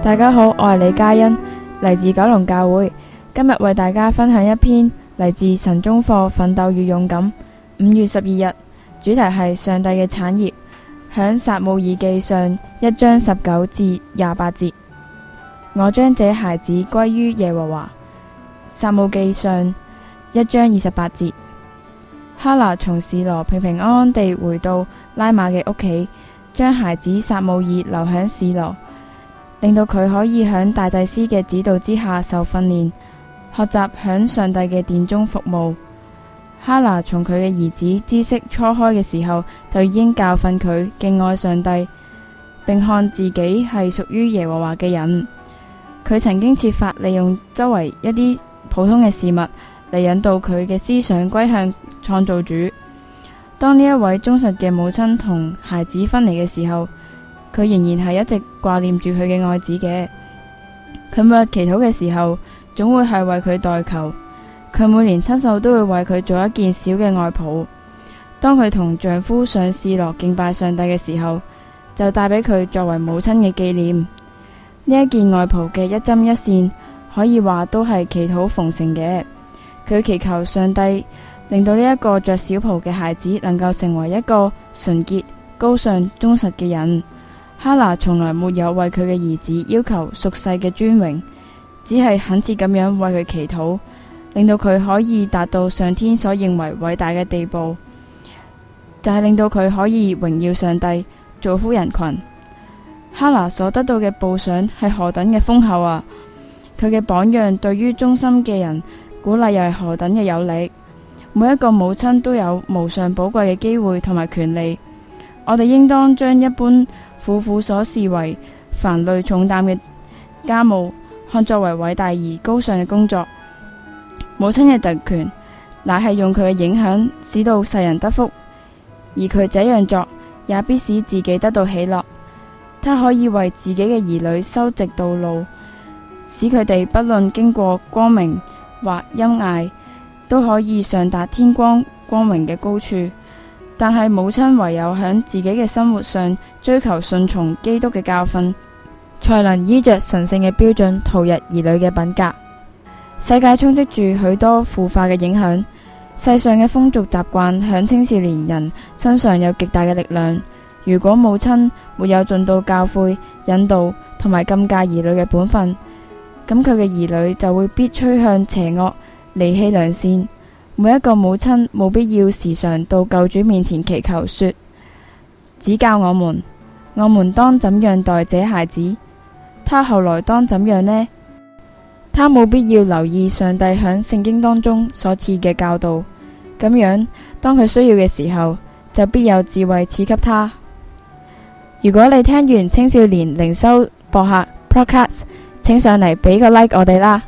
大家好，我係李嘉欣，嚟自九龍教會。今日為大家分享一篇嚟自神中課《奮鬥與勇敢》五月十二日，主題係上帝嘅產業，響撒母耳記上一章十九至廿八節。我將這孩子歸於耶和華。撒母記上一章二十八節，哈拿從示羅平平安安地回到拉馬嘅屋企，將孩子撒母耳留響示羅。令到佢可以響大祭司嘅指導之下受訓練，學習響上帝嘅殿中服務。哈拿從佢嘅兒子知識初開嘅時候，就已經教訓佢敬愛上帝，並看自己係屬於耶和華嘅人。佢曾經設法利用周圍一啲普通嘅事物嚟引導佢嘅思想歸向創造主。當呢一位忠實嘅母親同孩子分離嘅時候，佢仍然係一直掛念住佢嘅愛子嘅。佢每日祈禱嘅時候，總會係為佢代求。佢每年親手都會為佢做一件小嘅外袍。當佢同丈夫上示羅敬拜上帝嘅時候，就帶俾佢作為母親嘅紀念。呢一件外袍嘅一針一線，可以話都係祈禱縫成嘅。佢祈求上帝令到呢一個着小袍嘅孩子能夠成為一個純潔、高尚、忠實嘅人。哈拿從來沒有為佢嘅兒子要求俗世嘅尊榮，只係懇切咁樣為佢祈禱，令到佢可以達到上天所認為偉大嘅地步，就係、是、令到佢可以榮耀上帝造福人群。哈拿所得到嘅報賞係何等嘅豐厚啊！佢嘅榜樣對於忠心嘅人鼓勵又係何等嘅有力！每一個母親都有無上寶貴嘅機會同埋權利。我哋應當將一般婦女所視為煩累重擔嘅家務，看作為偉大而高尚嘅工作。母親嘅特權，乃係用佢嘅影響，使到世人得福；而佢這樣做也必使自己得到喜樂。她可以為自己嘅兒女修直道路，使佢哋不論經過光明或陰翳，都可以上達天光光明嘅高處。但係母親唯有響自己嘅生活上追求順從基督嘅教訓，才能依着神聖嘅標準陶冶兒女嘅品格。世界充斥住許多腐化嘅影響，世上嘅風俗習慣響青少年人身上有極大嘅力量。如果母親沒有盡到教誨、引導同埋禁戒兒女嘅本分，咁佢嘅兒女就會必趨向邪惡，離棄良善。每一個母親冇必要時常到救主面前祈求說：指教我們，我們當怎樣待這孩子？他後來當怎樣呢？他冇必要留意上帝響聖經當中所賜嘅教導，咁樣當佢需要嘅時候就必有智慧賜給他。如果你聽完青少年靈修博客 Proclats，請上嚟俾個 like 我哋啦！